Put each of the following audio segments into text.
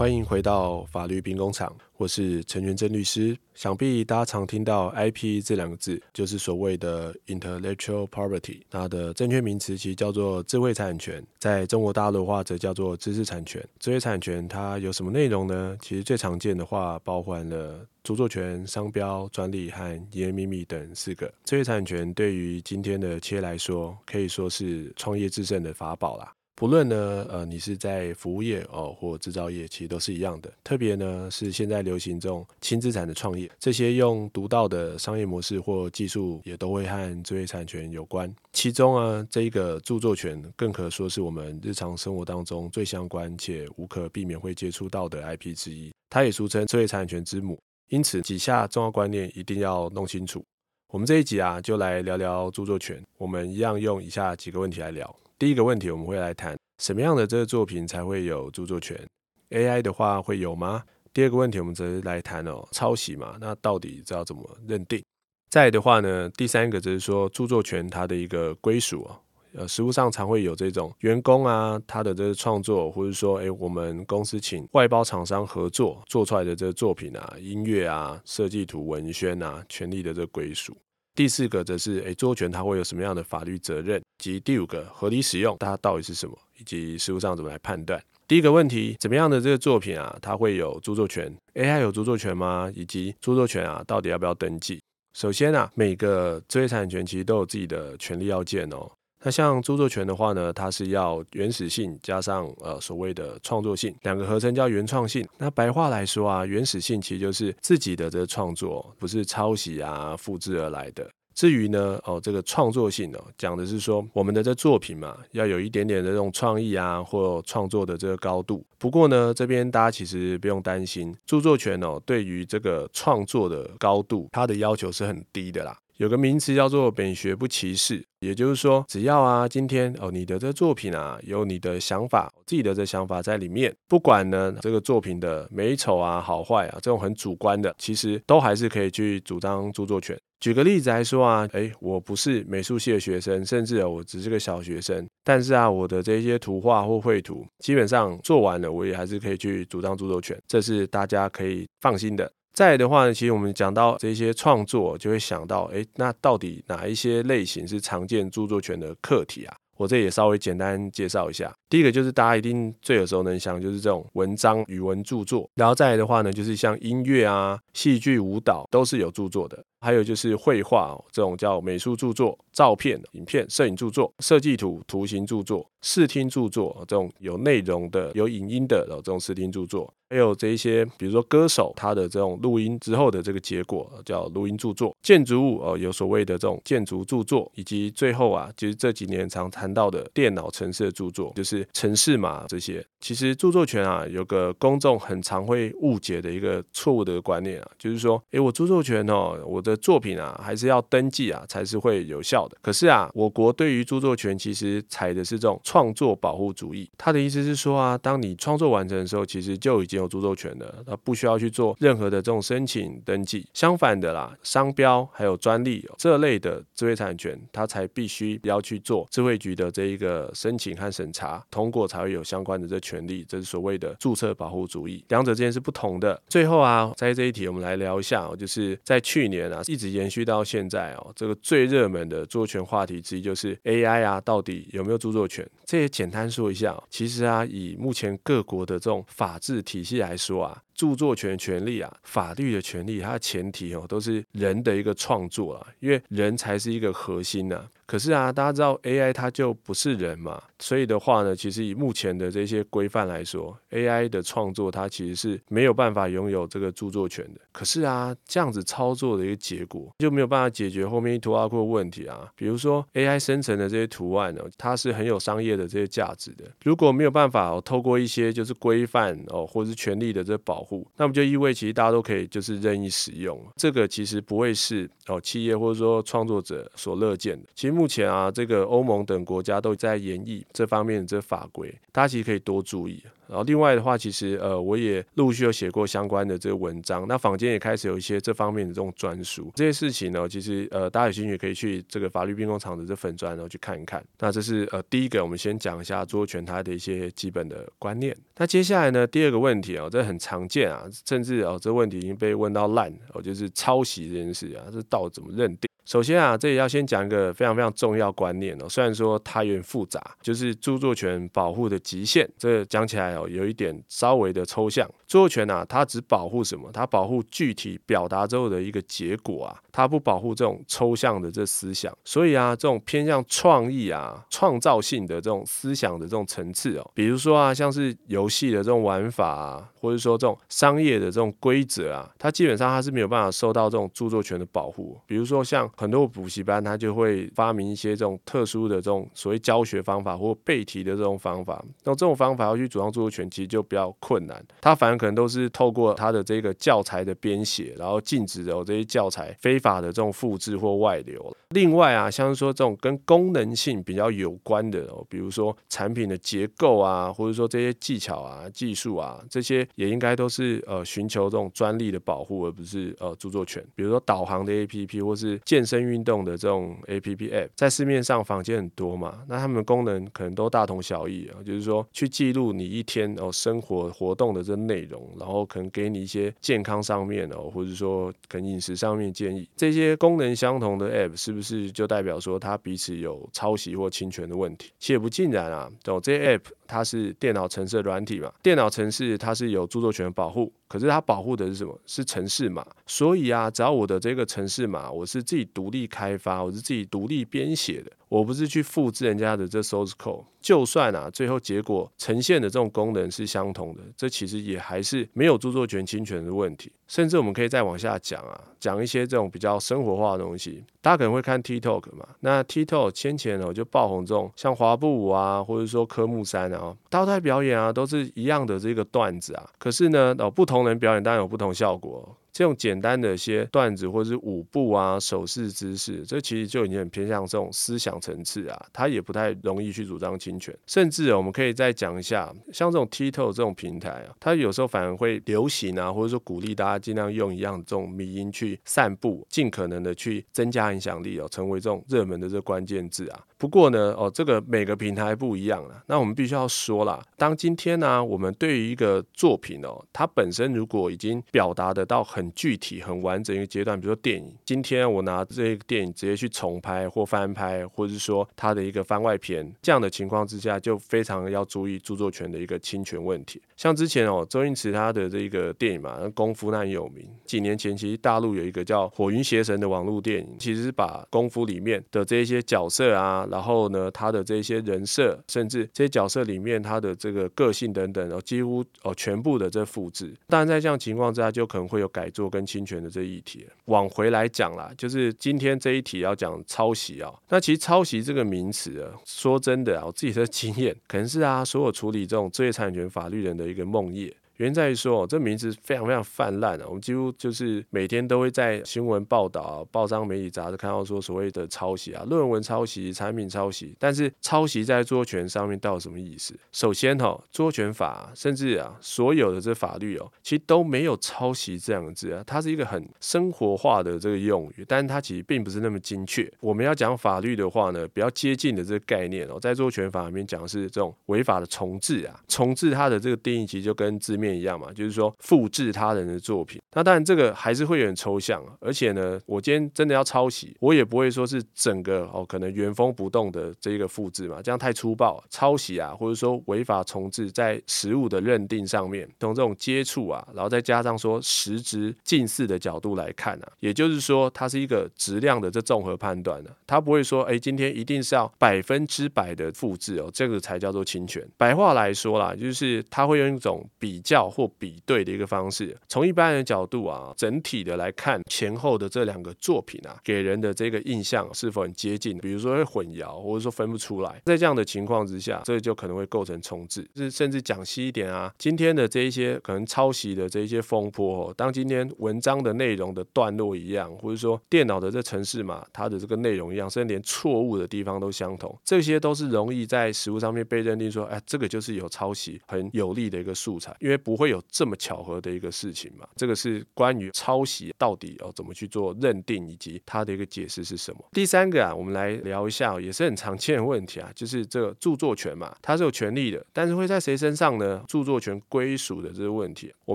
歡迎回到法律兵工廠，我是陳全正律師。想必大家常聽到 IP 這兩個字，就是所謂的 intellectual property，它的正確名詞其實叫做智慧產權，在中國大陸的話則叫做知識產權。智慧產權它有什麼內容呢？其實最常見的話包含了著作權、商標、專利和營業秘密等四個。智慧產權對於今天的企業來說，可以說是創業制勝的法寶啦。不論呢，呃，你是在服務業哦，或制造業，其實都是一樣的。特別呢，是現在流行這種輕資產的創業，這些用獨到的商業模式或技術，也都會和知識產權有關。其中呢、啊，這一個著作權，更可說是我們日常生活當中最相關且無可避免會接觸到的 IP 之一，它也俗稱知識產權之母。因此，幾下重要觀念一定要弄清楚。我們這一集啊，就來聊聊著作權。我們一樣用以下幾個問題來聊。第一個問題，我們會來談什麼樣的這個作品才會有著作權？AI 的話會有嗎？第二個問題，我們則是來談哦，抄襲嘛，那到底要怎麼認定？再的話呢，第三個就是說著作權它的一個歸屬啊，呃，實務上常會有這種員工啊，他的這個創作，或者說哎、欸、我們公司請外包廠商合作做出來的這個作品啊，音樂啊，設計圖、文宣啊，權利的這個歸屬。第四個則是，哎，著作權它會有什麼樣的法律責任？及第五個，合理使用它到底是什麼，以及實務上怎麼來判斷？第一個問題，怎麼樣的這個作品啊，它會有著作權？AI 有著作權嗎？以及著作權啊，到底要不要登記？首先啊，每個知識產權其實都有自己的權利要件哦。那像著作權的話呢，它是要原始性，加上呃，所謂的創作性，兩個合稱叫原創性。那白話來說啊，原始性其實就是自己的這個創作不是抄襲，啊複製而來的。至於呢哦，這個創作性哦，講的是說我們的這作品嘛要有一點點的這種創意啊或創作的這個高度。不過呢這邊大家其實不用擔心，著作權哦對於這個創作的高度，它的要求是很低的啦。有個名詞叫做“美學不歧視”，也就是說，只要啊，今天哦，你的這作品啊，有你的想法、自己的這想法在裡面，不管呢這個作品的美醜啊、好壞啊，這種很主觀的，其實都還是可以去主張著作權。舉個例子來說啊，哎，我不是美術系的學生，甚至我只是個小學生，但是啊，我的這些圖畫或繪圖，基本上做完了，我也還是可以去主張著作權，這是大家可以放心的。再來的話呢，其實我們講到這些創作，就會想到，哎，那到底哪一些類型是常見著作權的課題啊？我這也稍微簡單介紹一下。第一個就是大家一定最耳熟能詳，就是這種文章、語文著作。然後再來的話呢，就是像音樂啊、戲劇、舞蹈都是有著作的。還有就是繪畫這種叫美術著作、照片、影片、攝影著作、設計圖、圖形著作、視聽著作這種有內容的、有影音的，這種視聽著作，還有這一些，比如說歌手他的這種錄音之後的這個結果叫錄音著作。建築物哦，有所謂的這種建築著作，以及最後啊，就是這幾年常談到的電腦程式的著作，就是程式嘛這些。其實著作權啊，有個公眾很常會誤解的一個錯誤的觀念啊，就是說，誒，我著作權哦、啊，我的。的作品啊，還是要登記啊，才是會有效的。可是啊，我國對於著作權其實採的是這種創作保護主義，他的意思是說啊，當你創作完成的時候，其實就已經有著作權了，他不需要去做任何的這種申請登記。相反的啦，商標還有專利，哦，這類的智慧產權，他才必須要去做智慧局的這一個申請和審查，通過才會有相關的這權利，這是所謂的註冊保護主義，兩者之間是不同的。最後啊，在這一題我們來聊一下，哦，就是在去年啊。一直延續到現在哦，這個最熱門的著作權話題之一就是 AI 啊，到底有沒有著作權？這也簡單說一下，其實啊，以目前各國的這種法治體系來說啊。著作權的權利啊，法律的權利，它的前提哦都是人的一個創作啊，因為人才是一個核心啊。可是啊，大家知道 AI 它就不是人嘛，所以的話呢，其實以目前的這些規範來說，AI 的創作它其實是沒有辦法擁有這個著作權的。可是啊，這樣子操作的一個結果就沒有辦法解決後面一圖二庫的問題啊，比如說 AI 生成的這些圖案呢，哦，它是很有商業的這些價值的。如果沒有辦法、哦、透過一些就是規範哦，或者是權利的這保護，那麼就意味着其實大家都可以就是任意使用，這個其實不會是哦企業或者說創作者所樂見的。其實目前啊，這個歐盟等國家都在研議這方面的這法規，大家其實可以多注意。然後另外的話，其實呃我也陸續有寫過相關的這個文章，那坊間也開始有一些這方面的這種專書，這些事情呢，其實呃大家有興趣可以去這個法律兵工廠的這粉專然後、呃、去看一看。那這是呃第一個，我們先講一下著作權它的一些基本的觀念。那接下來呢第二個問題啊，哦，這很常見啊，甚至啊、哦、這問題已經被問到爛了，哦，就是抄襲這件事啊，這到底怎麼認定？首先啊，這裡要先講一個非常非常重要觀念哦。雖然說它有點複雜，就是著作權保護的極限，這講起來哦，有一點稍微的抽象。著作權啊，它只保護什麼？它保護具體表達之後的一個結果啊，它不保護這種抽象的這思想。所以啊，這種偏向創意啊、創造性的這種思想的這種層次哦，比如說啊，像是遊戲的這種玩法啊，或者說這種商業的這種規則啊，它基本上它是沒有辦法受到這種著作權的保護。比如說像很多補習班，它就會發明一些這種特殊的這種所謂教學方法或背題的這種方法，那這種方法要去主張著作權，其實就比較困難。它反。可能都是透過他的這個教材的編寫，然後禁止的、哦、這些教材非法的這種複製或外流。另外啊，像是說這種跟功能性比較有關的、哦，比如說產品的結構啊，或者說這些技巧啊、技術啊，這些也應該都是呃尋求這種專利的保護，而不是呃著作權。比如說導航的 APP，或是健身運動的這種 APP、App，在市面上坊間很多嘛，那他們的功能可能都大同小異啊，就是說去記錄你一天哦、呃、生活活動的這內容。然後可能給你一些健康上面的、哦，或者說跟飲食上面建議，這些功能相同的 App 是不是就代表說它彼此有抄襲或侵權的問題？其實也不盡然啊，像這 App。它是電腦程式的軟體嘛？電腦程式它是有著作權保護，可是它保護的是什麼？是程式碼嘛，所以啊，只要我的這個程式碼嘛，我是自己獨立開發，我是自己獨立編寫的，我不是去複制人家的這 source code，就算啊，最後結果呈現的這種功能是相同的，這其實也還是沒有著作權侵權的問題。甚至我們可以再往下講啊，講一些這種比較生活化的東西。大家可能會看 TikTok 嘛，那 TikTok 之前呢就爆紅這種，像滑步舞啊，或者說科目三啊。哦，倒帶表演啊，都是一樣的這個段子啊。可是呢，哦，不同人表演當然有不同效果。這種簡單的一些段子或者是舞步啊、手勢姿勢，這其實就已經很偏向這種思想層次啊，它也不太容易去主張侵權。甚至我們可以再講一下，像這種 TikTok 這種平台啊，它有時候反而會流行啊，或者說鼓勵大家儘量用一樣這種迷因去散布，盡可能的去增加影響力哦，成為這種熱門的這關鍵字啊。不過呢，哦，這個每個平台不一樣了、啊，那我們必須要說啦，當今天呢、啊，我們對於一個作品哦，它本身如果已經表達得到很很具體、很完整一個階段，比如說電影，今天、啊、我拿這個電影直接去重拍或翻拍，或者是說它的一個番外篇，這樣的情況之下，就非常要注意著作權的一個侵權問題。像之前哦，周星馳他的這個電影嘛，《功夫》那很有名，幾年前其實大陸有一個叫《火雲邪神》的網絡電影，其實是把《功夫》裡面的這些角色啊，然後呢，他的這些人設，甚至這些角色裡面他的這個個性等等，然後幾乎哦全部的這複製。但在這樣情況之下，就可能會有改。做跟侵權的這一題，往回來講啦，就是今天這一題要講抄襲啊、喔。那其實抄襲這個名詞啊，說真的啊，我自己的經驗可能是啊，所有處理這種知識產權法律人的一個夢魘。原因在於說，這名字非常非常泛濫啊，我們幾乎就是每天都會在新聞報道、啊、報章、媒體雜誌看到說所謂的抄襲啊、論文抄襲、產品抄襲。但是抄襲在著作權上面到底什麼意思？首先、哦，哈，著作權法甚至啊，所有的這法律哦，其實都沒有“抄襲”這兩個字啊，它是一個很生活化的這個用語，但它其實並不是那麼精確。我們要講法律的話呢，比較接近的這個概念哦，在著作權法裡面講的是這種違法的重製啊，重製它的這個定義其實就跟字面，一樣嘛，就是說複製他人的作品，那當然這個還是會有點抽象啊。而且呢，我今天真的要抄襲，我也不會說是整個哦，可能原封不動的這一個複製嘛，這樣太粗暴、啊。抄襲啊，或者說違法重製，在實務的認定上面，從這種接觸啊，然後再加上說實質近似的角度來看啊，也就是說它是一個質量的這綜合判斷的、啊，它不會說哎、欸，今天一定是要百分之百的複製哦，這個才叫做侵權。白話來說啦，就是它會用一種比。較或比對的一個方式，從一般人的角度啊，整體的來看前後的這兩個作品啊，給人的這個印象是否很接近？比如說會混淆，或者說分不出來。在這樣的情況之下，這就可能會構成重製，是甚至講細一點啊，今天的這一些可能抄襲的這一些風波，當今天文章的內容的段落一樣，或者說電腦的這程式嘛，它的這個內容一樣，甚至連錯誤的地方都相同，這些都是容易在實務上面被認定說，哎，這個就是有抄襲很有利的一個素材，因為。不會有這麼巧合的一個事情嘛。這個是關於抄襲到底要，哦，怎麼去做認定以及它的一個解釋是什麼？第三個啊，我們來聊一下，也是很常見的問題啊，就是這個著作權嘛，它是有權利的，但是會在誰身上呢？著作權歸屬的這個問題，我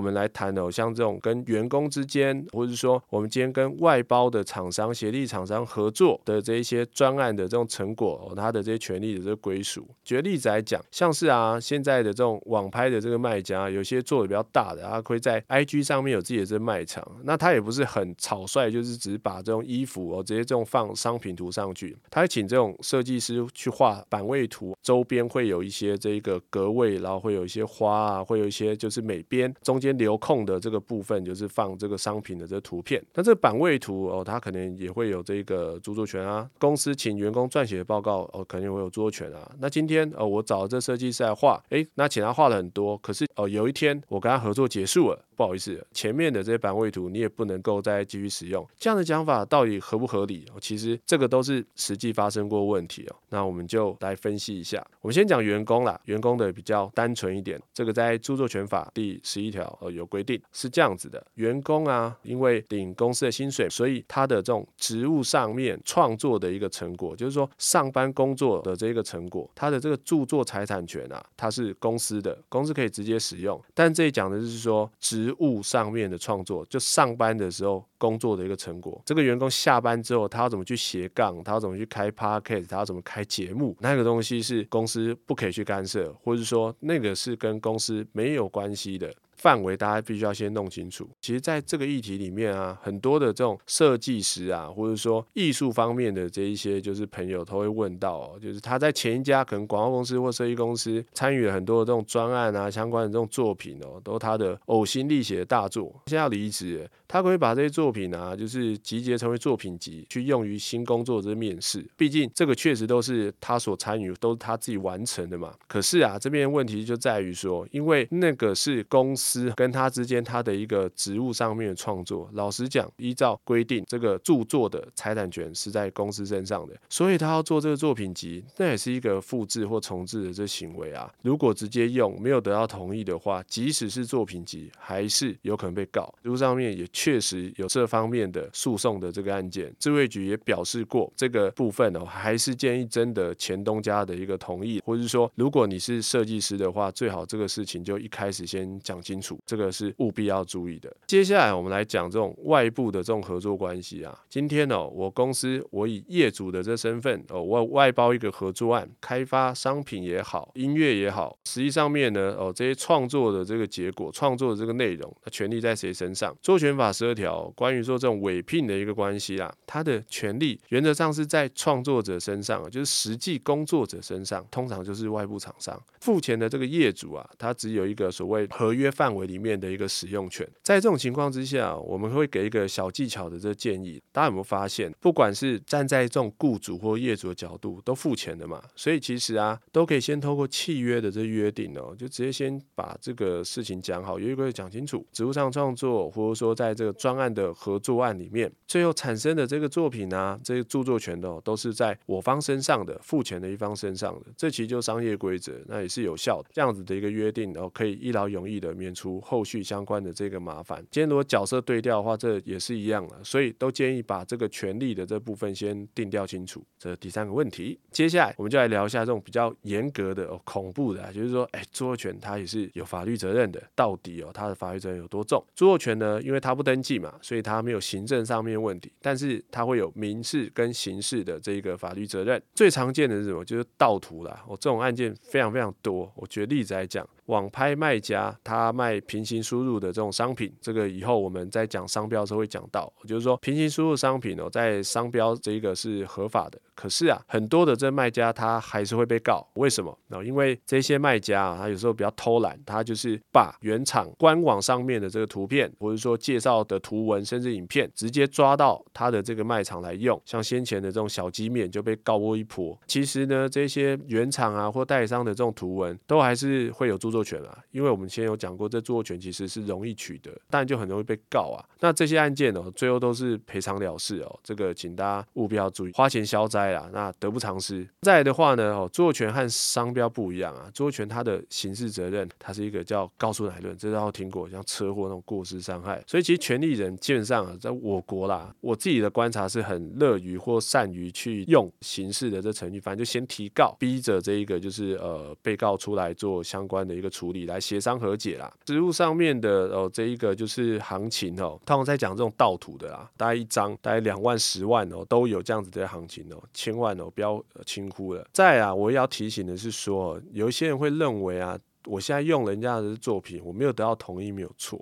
們來談，哦，像這種跟員工之間，或者是說我們今天跟外包的廠商、協力廠商合作的這一些專案的這種成果，哦，它的這些權利的這個歸屬，舉個例子來講，像是啊，現在的這種網拍的這個賣家，有些做的比較大的，他可以在 IG 上面有自己的這賣場。那他也不是很草率，就是只是把這種衣服哦，直接這種放商品圖上去。他會請這種設計師去畫版位圖，周邊會有一些這個格位，然後會有一些花啊，會有一些就是美邊中間留空的這個部分，就是放這個商品的這個圖片。那這個版位圖哦，他可能也會有這個著作權啊。公司請員工撰寫的報告哦，肯定會有著作權啊。那今天哦，我找這設計師來畫，哎、欸，那請他畫了很多，可是哦，有一天。我跟他合作結束了，不好意思，前面的這些版位圖你也不能夠再繼續使用。這樣的講法到底合不合理、哦？其實這個都是實際發生過問題哦。那我們就來分析一下。我們先講員工啦，員工的比較單純一點，這個在著作權法第十一條呃、哦、有規定，是這樣子的：員工啊，因為領公司的薪水，所以他的這種職務上面創作的一個成果，就是說上班工作的這個成果，他的這個著作財產權啊，它是公司的，公司可以直接使用。但這裡講的就是說，職務上面的創作，就上班的時候工作的一個成果。這個員工下班之後，他要怎麼去斜槓，他要怎麼去開 podcast，他要怎麼開節目，那個東西是公司不可以去干涉，或者是說那個是跟公司沒有關係的。範圍大家必須要先弄清楚。其實，在這個議題裡面啊，很多的這種設計師啊，或者說藝術方面的這一些，就是朋友都會問到哦，就是他在前一家可能廣告公司或設計公司參與了很多的這種專案啊，相關的這種作品哦，都他的嘔心瀝血的大作，現在要離職。他可,可以把這些作品啊，就是集結成為作品集，去用於新工作的這面試。畢竟這個確實都是他所參與，都是他自己完成的嘛。可是啊，這邊問題就在於說，因為那個是公司跟他之間他的一個職務上面的創作。老實講，依照規定，這個著作的財產權是在公司身上的，所以他要做這個作品集，那也是一個複制或重製的這行為啊。如果直接用沒有得到同意的話，即使是作品集，還是有可能被告。職務上面也。確實有這方面的訴訟的這個案件，智慧局也表示過，這個部分哦，還是建議徵得前東家的一個同意，或者是說如果你是設計師的話，最好這個事情就一開始先講清楚，這個是務必要注意的。接下來我們來講這種外部的這種合作關係啊。今天哦，我公司我以業主的這身份哦，外外包一個合作案，開發商品也好，音樂也好，實際上面呢哦，這些創作的這個結果，創作的這個內容，那權利在誰身上？著作權法十二條關於說這種委聘的一個關係啦、啊，他的權利原則上是在創作者身上啊，就是實際工作者身上，通常就是外部廠商付錢的這個業主啊，他只有一個所謂合約範圍裡面的一個使用權。在這種情況之下，我們會給一個小技巧的這個建議。大家有沒有發現，不管是站在這種僱主或業主的角度，都付錢的嘛？所以其實啊，都可以先透過契約的這個約定哦，就直接先把這個事情講好，一個一個講清楚。職務上創作，或者說在這個專案的合作案裡面，最後產生的這個作品呢、啊，這些、個、著作權的、哦、都是在我方身上的，付錢的一方身上的，這其實就是商業規則，那也是有效的，這樣子的一個約定，哦，可以一勞永逸的免除後續相關的這個麻煩。今天如果角色對調的話，這也是一樣了，所以都建議把這個權利的這部分先定調清楚。這是第三個問題，接下來我們就來聊一下這種比較嚴格的、哦、恐怖的、啊，就是說，哎，著作權它也是有法律責任的，到底哦，它的法律責任有多重？著作權呢，因為它不。登記嘛，所以他沒有行政上面問題，但是他會有民事跟刑事的這個法律責任。最常見的是什麼？就是盜圖啦，我、哦、這種案件非常非常多。我舉例子來講。網拍賣家他賣平行輸入的這種商品，這個以後我們在講商標的時候會講到，就是說平行輸入商品哦，在商標這個是合法的，可是啊，很多的這賣家他還是會被告，為什麼？哦，因為這些賣家啊，他有時候比較偷懶，他就是把原廠官網上面的這個圖片，或者說介紹的圖文，甚至影片，直接抓到他的這個賣場來用，像先前的這種小雞面就被告過一波。其實呢，這些原廠啊或代理商的這種圖文，都還是會有著作。作權啊，因為我們先有講過，這作權其實是容易取得，但就很容易被告啊。那這些案件呢、哦，最後都是賠償了事哦。這個請大家務必要注意，花錢消災啦，那得不償失。再來的話呢，哦，作權和商標不一樣啊，作權它的刑事責任，它是一個叫告訴乃論，這都聽過，像車禍那種過失傷害。所以其實權利人基本上、啊、在我國啦，我自己的觀察是很樂於或善於去用刑事的這程序，反正就先提告，逼着這一個就是呃被告出來做相關的一個。處理來協商和解啦。實務上面的哦，這一個就是行情哦。通常在講這種盜圖的啦，大概一張大概兩萬、十萬哦都有這樣子的行情哦。千萬哦不要輕忽了。再啊，我要提醒的是說、哦，有一些人會認為啊，我現在用人家的作品，我沒有得到同意，沒有錯。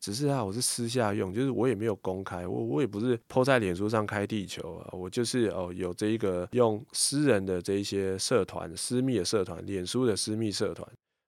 只是啊，我是私下用，就是我也沒有公開，我我也不是潑在臉書上開地球啊、哦。我就是哦，有這一個用私人的這一些社團、私密的社團、臉書的私密社團。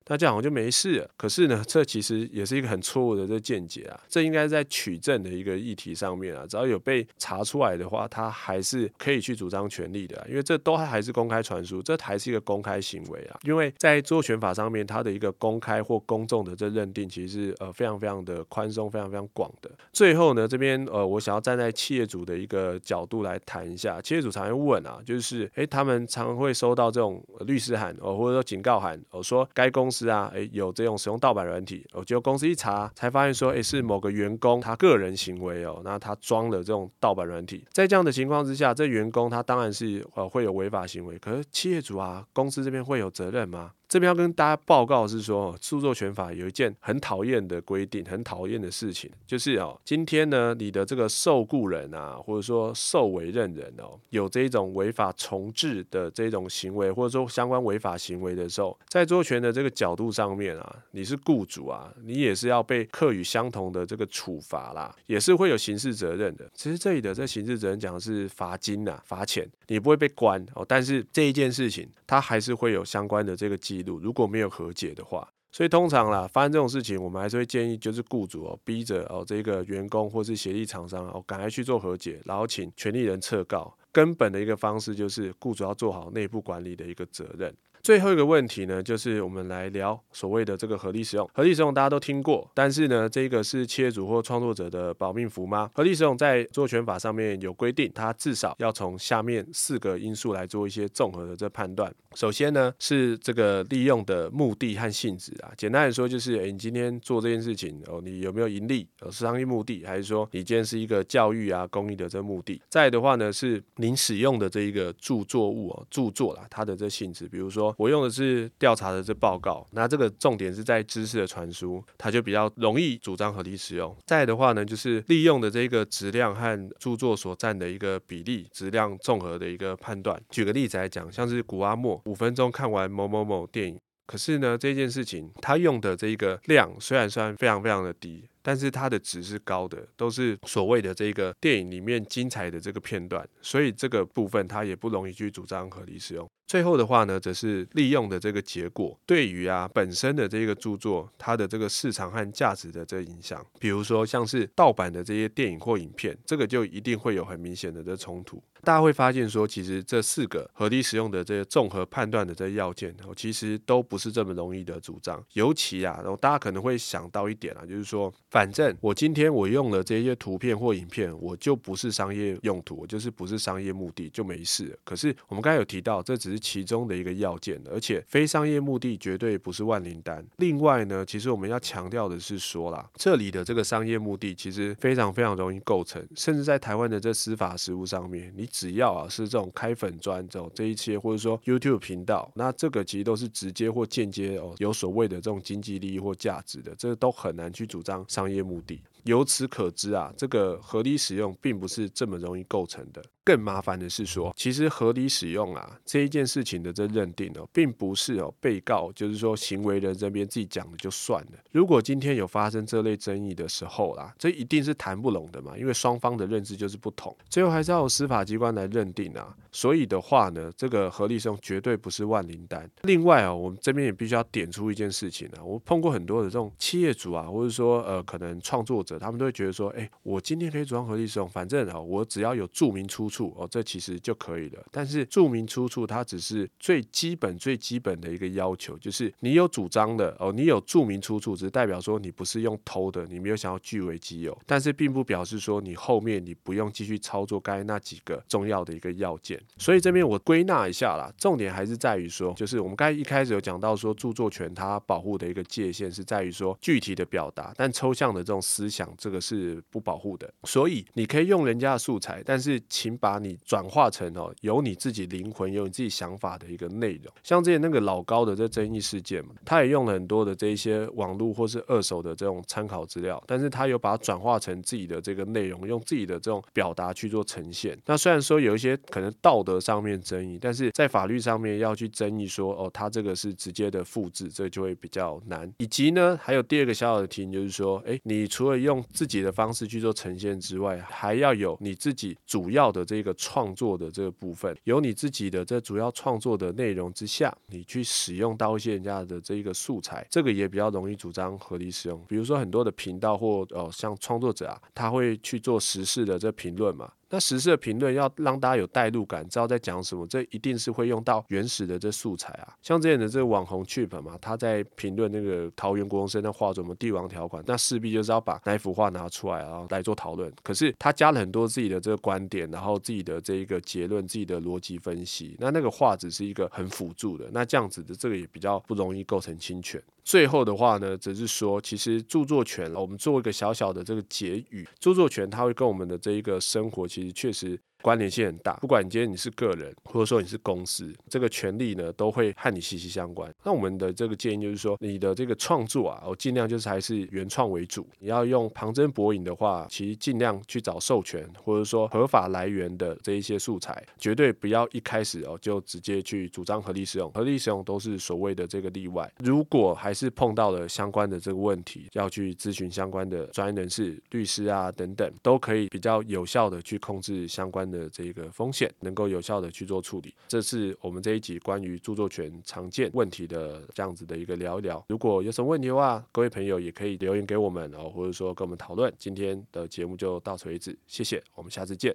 那這樣好像就沒事了，可是呢，這其實也是一個很錯誤的這個見解啊。這應該是在取證的一個議題上面啊，只要有被查出來的話，他還是可以去主張權利的、啊，因為這都還是公開傳輸，這還是一個公開行為啊。因為在著作權法上面，它的一個公開或公眾的這認定，其實是呃非常非常的寬鬆，非常非常廣的。最後呢，這邊呃，我想要站在企業主的一個角度來談一下，企業主常會問啊，就是誒他們常會收到這種律師函哦、呃，或者說警告函哦、呃，說該公司。是啊，誒，有這種使用盜版軟體，我、哦、結果公司一查，才發現說，誒，是某個員工他個人行為哦，那他裝了這種盜版軟體，在這樣的情況之下，這員工他當然是、呃、會有違法行為，可是企業主啊，公司這邊會有責任嗎？這邊要跟大家報告是說，著作權法有一件很討厭的規定，很討厭的事情，就是哦，今天呢，你的這個受雇人啊，或者說受委任人哦，有這種違法重製的這種行為，或者說相關違法行為的時候，在著作權的這個角度上面啊，你是雇主啊，你也是要被課予相同的這個處罰啦，也是會有刑事責任的。其實這裡的這刑事責任講的是罰金吶、啊，罰錢，你不會被關哦，但是這一件事情，它還是會有相關的這個記。如果沒有和解的話，所以通常啦，發生這種事情，我們還是會建議就是雇主哦，逼着哦這個員工或是協力廠商哦，趕快去做和解，然後請權利人撤告。根本的一個方式就是，雇主要做好內部管理的一個責任。最後一個問題呢，就是我們來聊所謂的這個合理使用。合理使用大家都聽過，但是呢，這個是企業主或創作者的保命符嗎？合理使用在著作權法上面有規定，它至少要從下面四個因素來做一些綜合的這判斷。首先呢，是這個利用的目的和性質啊。簡單來說，就是誒你今天做這件事情哦，你有沒有盈利？有、哦、商業目的，還是說你今天是一個教育啊、公益的這目的？再來的話呢，是您使用的這一個著作物哦，著作啦，它的這性質。比如說，我用的是調查的這報告，那這個重點是在知識的傳輸，它就比較容易主張合理使用。再來的話呢，就是利用的這一個質量和著作所佔的一個比例、質量綜合的一個判斷。舉個例子來講，像是古阿莫。五分鐘看完某某某電影，可是呢，這件事情他用的這個量雖然算非常非常的低，但是它的值是高的，都是所謂的這個電影裡面精彩的這個片段，所以這個部分它也不容易去主張合理使用。最後的話呢，則是利用的這個結果對於啊本身的這個著作它的這個市場和價值的這個影響，比如說像是盜版的這些電影或影片，這個就一定會有很明顯的這衝突。大家會發現說，其實這四個合理使用的這些綜合判斷的這要件，其實都不是這麼容易的主張。尤其啊，然後大家可能會想到一點啊，就是說，反正我今天我用了這些圖片或影片，我就不是商業用途，我就是不是商業目的，就沒事了。可是我們剛才有提到，這只是。其中的一個要件，而且非商業目的絕對不是萬靈丹。另外呢，其實我們要強調的是，說啦，這裡的這個商業目的，其實非常非常容易構成，甚至在台灣的這司法實務上面，你只要啊是這種開粉專這種這一切，或者說 YouTube 頻道，那這個其實都是直接或間接哦有所謂的這種經濟利益或價值的，這都很難去主張商業目的。由此可知啊，這個合理使用並不是這麼容易構成的。更麻煩的是說，其實合理使用啊這一件事情的這認定哦，並不是哦被告就是說行為人這邊自己講的就算了。如果今天有發生這類爭議的時候啦、啊，這一定是談不攏的嘛，因為雙方的認知就是不同。最後還是要有司法機關來認定啊。所以的話呢，這個合理使用絕對不是萬靈丹。另外啊，我們這邊也必須要點出一件事情啊，我碰過很多的這種企業主啊，或者說呃可能創作者。他們都會覺得說，哎，我今天可以主張合理使用，反正啊、哦，我只要有注明出處哦，這其實就可以了。但是，注明出處它只是最基本、最基本的一個要求，就是你有主張的哦，你有注明出處，只代表說你不是用偷的，你沒有想要據為己有。但是，並不表示說你後面你不用繼續操作該那幾個重要的一個要件。所以，這邊我歸納一下啦，重點還是在於說，就是我們剛才一開始有講到說，著作權它保護的一個界限是在於說具體的表達，但抽象的這種思想。這個是不保護的，所以你可以用人家的素材，但是請把你轉化成哦，有你自己靈魂、有你自己想法的一個內容。像之前那個老高的這爭議事件嘛，他也用了很多的這一些網絡或是二手的這種參考資料，但是他有把它轉化成自己的這個內容，用自己的這種表達去做呈現。那雖然說有一些可能道德上面爭議，但是在法律上面要去爭議說哦，他這個是直接的複製，這就會比較難。以及呢，還有第二個小小的提醒就是說，誒，你除了用用自己的方式去做呈現之外，還要有你自己主要的這個創作的這個部分。有你自己的這主要創作的內容之下，你去使用到一些人家的這一個素材，這個也比較容易主張合理使用。比如說很多的頻道或呃、哦、像創作者啊，他會去做時事的這評論嘛。那時事的評論要讓大家有代入感，知道在講什麼，這一定是會用到原始的這素材啊。像這樣的這個網紅劇本嘛，他在評論那個桃園國中生的畫作什麼帝王條款，那勢必就是要把那幅畫拿出來，然後來做討論。可是他加了很多自己的這個觀點，然後自己的這一個結論，自己的邏輯分析，那那個畫只是一個很輔助的，那這樣子的這個也比較不容易構成侵權。最後的話呢，則是說，其實著作權，我們做一個小小的這個結語。著作權，它會跟我們的這一個生活，其實確實。關聯性很大，不管你今天你是個人，或者說你是公司，這個權利呢都會和你息息相關。那我們的這個建議就是說，你的這個創作啊，我、哦、盡量就是還是原創為主。你要用旁徵博引的話，其實盡量去找授權或者說合法來源的這一些素材，絕對不要一開始哦就直接去主張合理使用。合理使用都是所謂的這個例外。如果還是碰到了相關的這個問題，要去諮詢相關的專業人士、律師啊等等，都可以比較有效的去控制相關的這個風險能夠有效的去做處理，這是我們這一集關於著作權常見問題的這樣子的一個聊一聊。如果有什麼問題的話，各位朋友也可以留言給我們，然後或者說跟我們討論。今天的節目就到此為止，謝謝，我們下次見。